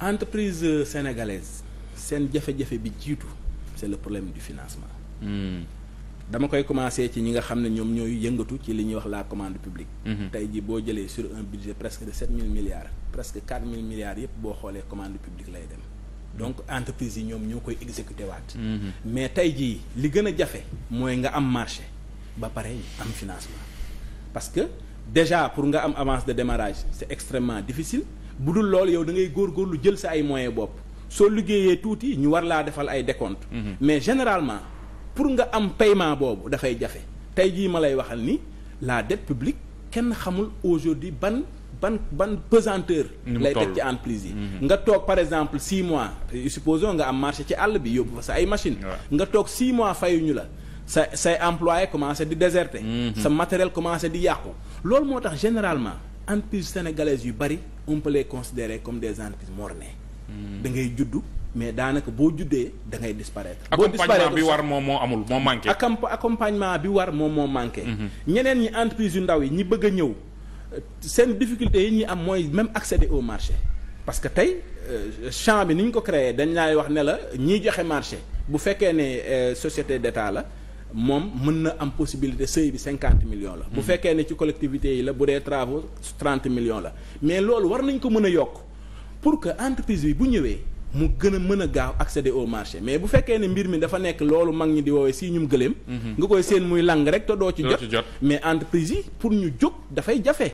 entreprise sénégalaise seen jafe-jafe bi jiitu c'est le problème du financement. Hmm. dama koy commencer ci ñi nga xam ne ñoom ñooy yëngatu ci li ñuy wax la commande publique. Hmm. tey ji boo jëlee sur un budget presque de sept mille milliards presque quatre mille milliards yëpp boo xoolee commande publique lay dem. donc entreprise yi ñoom ñoo koy exécuté waat. Hmm. mais tey jii li gën a jafe mooy nga am marché ba pare am financement parce que. déjà pour nga am avance de démarage c'est extrêmement difficile bu dul lool yow da góor góorgóorlu jël sa ay moyens bopp soo liggéeyee tuuti ñu war laa defal ay décompte mhm. mais généralement pour nga am paiement boobu dafay jafe tey jii ma lay waxal ni la dette publique kenn xamul aujourd'hui ban ban ban pesanteur lay teg ci entreprise yi mhm. nga toog par exemple six mois supposons nga am marché ci àll bi yóbbu fa sa ay machine nga toog six mois fayuñu la sa say employé commencé di déserter. Mhm. sa matériel commencé di yàqu. loolu moo tax généralement entreprises sénégalaises yu bari on peut comme des entreprises mort-nées. Mhm. da juddu mais daanaka boo juddee da ngay disparaître. boo disparaître accompagnement bi war moom moo amul moo manqué. accompagnement bi war moom moo manqué. Mhm. ñeneen ñi entreprise yu ndaw yi ñi bëgg a ñëw seen difficulté yi ñuy am mooy même accéder au marché. parce que tey euh, champ bi ni ñu ko créé dañu laay wax ne la ñiy joxe marché bu fekkee ne euh, société d'État la. moom mën na am possibilité seuil bi cinquante million la. bu mhm. fekkee ne ci collectivité yi la bu dee travaux trente million la mais loolu war nañ ko mën a yokk pour que entreprise bi bu ñëwee mu gën a mën a gaaw accéder au marché mais bu fekkee ne mbir mi dafa nekk loolu mag ñi di woowee si ñum gëléem. Mhm. nga koy seen muy lang rek te doo ci jot. mais entreprise yi pour ñu jóg dafay jafe.